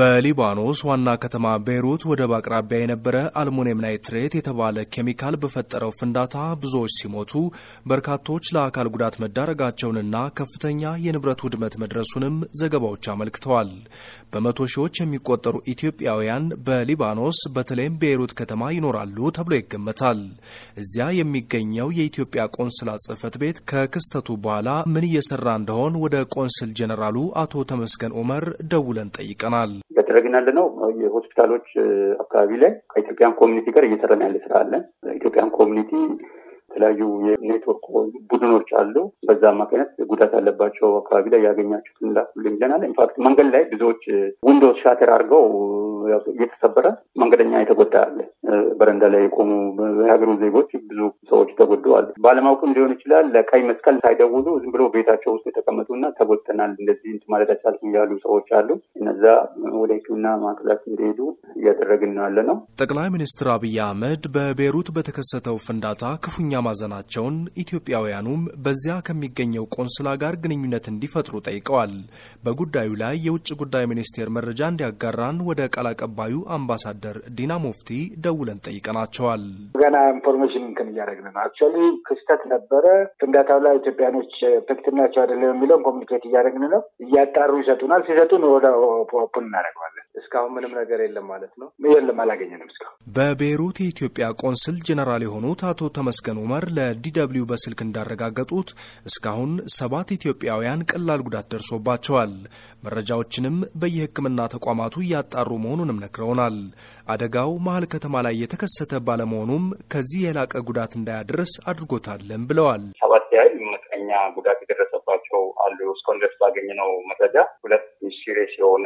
በሊባኖስ ዋና ከተማ ቤይሩት ወደብ አቅራቢያ የነበረ አልሙኒየም ናይትሬት የተባለ ኬሚካል በፈጠረው ፍንዳታ ብዙዎች ሲሞቱ በርካቶች ለአካል ጉዳት መዳረጋቸውንና ከፍተኛ የንብረት ውድመት መድረሱንም ዘገባዎች አመልክተዋል። በመቶ ሺዎች የሚቆጠሩ ኢትዮጵያውያን በሊባኖስ በተለይም ቤይሩት ከተማ ይኖራሉ ተብሎ ይገመታል። እዚያ የሚገኘው የኢትዮጵያ ቆንስላ ጽህፈት ቤት ከክስተቱ በኋላ ምን እየሰራ እንደሆን ወደ ቆንስል ጄኔራሉ አቶ ተመስገን ኦመር ደውለን ጠይቀናል። እያደረግን ያለ ነው። የሆስፒታሎች አካባቢ ላይ ከኢትዮጵያን ኮሚኒቲ ጋር እየሰራን ያለ ስራ አለ። ኢትዮጵያን ኮሚኒቲ የተለያዩ የኔትወርክ ቡድኖች አሉ። በዛ አማካይነት ጉዳት ያለባቸው አካባቢ ላይ ያገኛችሁት እንዳትሉልኝ ይለናል። ኢንፋክት መንገድ ላይ ብዙዎች ዊንዶስ ሻተር አድርገው እየተሰበረ መንገደኛ የተጎዳ አለ። በረንዳ ላይ የቆሙ የሀገሩ ዜጎች ብዙ ሰዎች ተጎድተዋል። ባለማወቅም ሊሆን ይችላል። ለቀይ መስቀል ሳይደውሉ ዝም ብሎ ቤታቸው ውስጥ እና ተጎድተናል፣ እንደዚህ ማለት አልቻልኩም ያሉ ሰዎች አሉ። እነዛ ወደ ሕክምና ማዕከላት እንደሄዱ እያደረግን ያለ ነው። ጠቅላይ ሚኒስትር አብይ አህመድ በቤሩት በተከሰተው ፍንዳታ ክፉኛ ማዘናቸውን ኢትዮጵያውያኑም በዚያ ከሚገኘው ቆንስላ ጋር ግንኙነት እንዲፈጥሩ ጠይቀዋል። በጉዳዩ ላይ የውጭ ጉዳይ ሚኒስቴር መረጃ እንዲያጋራን ወደ ቃል አቀባዩ አምባሳደር ዲና ሙፍቲ ደው ደውለን ጠይቀናቸዋል። ገና ኢንፎርሜሽን እንትን እያደረግን ነው። አክቹዋሊ ክስተት ነበረ ፍንዳታው ላይ ኢትዮጵያኖች ፌክቲቭ ናቸው አይደለም የሚለውን ኮሚኒኬት እያደረግን ነው። እያጣሩ ይሰጡናል። ሲሰጡን ወደ ኦፕን እናደርገዋለን። እስካሁን ምንም ነገር የለም ማለት ነው። የለም አላገኘንም እስካሁን። በቤይሩት የኢትዮጵያ ቆንስል ጀኔራል የሆኑት አቶ ተመስገን ኡመር ለዲደብሊው በስልክ እንዳረጋገጡት እስካሁን ሰባት ኢትዮጵያውያን ቀላል ጉዳት ደርሶባቸዋል። መረጃዎችንም በየሕክምና ተቋማቱ እያጣሩ መሆኑንም ነግረውናል። አደጋው መሀል ከተማ ላይ ላይ የተከሰተ ባለመሆኑም ከዚህ የላቀ ጉዳት እንዳያደርስ አድርጎታለን ብለዋል። ሰባት ያህል መጠነኛ ጉዳት የደረሰባቸው አሉ። እስካሁን ድረስ ባገኘነው መረጃ ሁለት ሲሪየስ የሆነ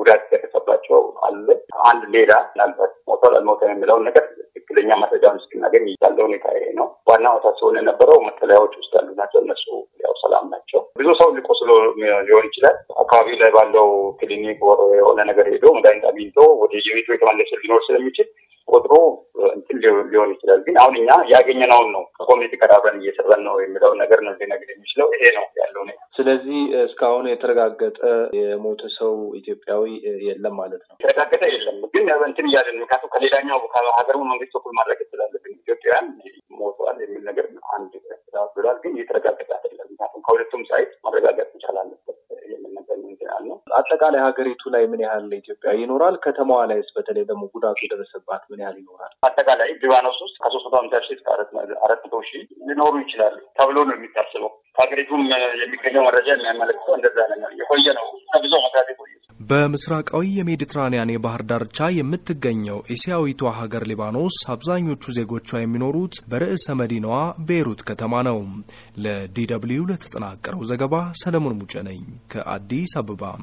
ጉዳት የደረሰባቸው አለ። አንድ ሌላ ምናልባት ሞቷል አልሞተም የሚለውን ነገር ትክክለኛ መረጃውን እስክናገኝ ያለው ሁኔታ ይሄ ነው። ዋና ዋናው ሲሆን የነበረው መጠለያዎች ውስጥ ያሉ ናቸው። እነሱ ያው ሰላም ናቸው። ብዙ ሰው ሊቆስሎ ሊሆን ይችላል። አካባቢ ላይ ባለው ክሊኒክ የሆነ ነገር ሄዶ መድኃኒት አግኝቶ ወደ የቤቱ የተመለሰ ሊኖር ስለሚችል ቆጥሮ እንትን ሊሆን ይችላል። ግን አሁን እኛ ያገኘነውን ነው ከኮሚኒቲ ቀራረን እየሰራን ነው የሚለው ነገር ነው ሊነግር የሚችለው ይሄ ነው ያለው ነ ስለዚህ እስካሁን የተረጋገጠ የሞተ ሰው ኢትዮጵያዊ የለም ማለት ነው። የተረጋገጠ የለም ግን እንትን እያለን ምክንያቱም ከሌላኛው ሀገር መንግስት በኩል ማድረግ ስላለብን ኢትዮጵያውያን ሞቷል የሚል ነገር አንድ ብሏል። ግን የተረጋገጠ አይደለም። ምክንያቱም ከሁለቱም ሳይት ማረጋገጥ እንቻላለን። አጠቃላይ ሀገሪቱ ላይ ምን ያህል ኢትዮጵያ ይኖራል? ከተማዋ ላይስ በተለይ ደግሞ ጉዳቱ የደረሰባት ምን ያህል ይኖራል? አጠቃላይ ሊባኖስ ውስጥ ከሶስት መቶ ሀምሳ ሺህ እስከ አራት መቶ ሺህ ሊኖሩ ይችላሉ ተብሎ ነው የሚታስበው። ሀገሪቱም የሚገኘው መረጃ የሚያመለክተው እንደዛ ነገር የቆየ ነው ከብዙ መታት የቆየ በምስራቃዊ የሜዲትራንያን የባህር ዳርቻ የምትገኘው እስያዊቷ ሀገር ሊባኖስ አብዛኞቹ ዜጎቿ የሚኖሩት በርዕሰ መዲናዋ ቤይሩት ከተማ ነው። ለዲ ለተጠናቀረው ዘገባ ሰለሞን ሙጨ ነኝ ከአዲስ አበባ።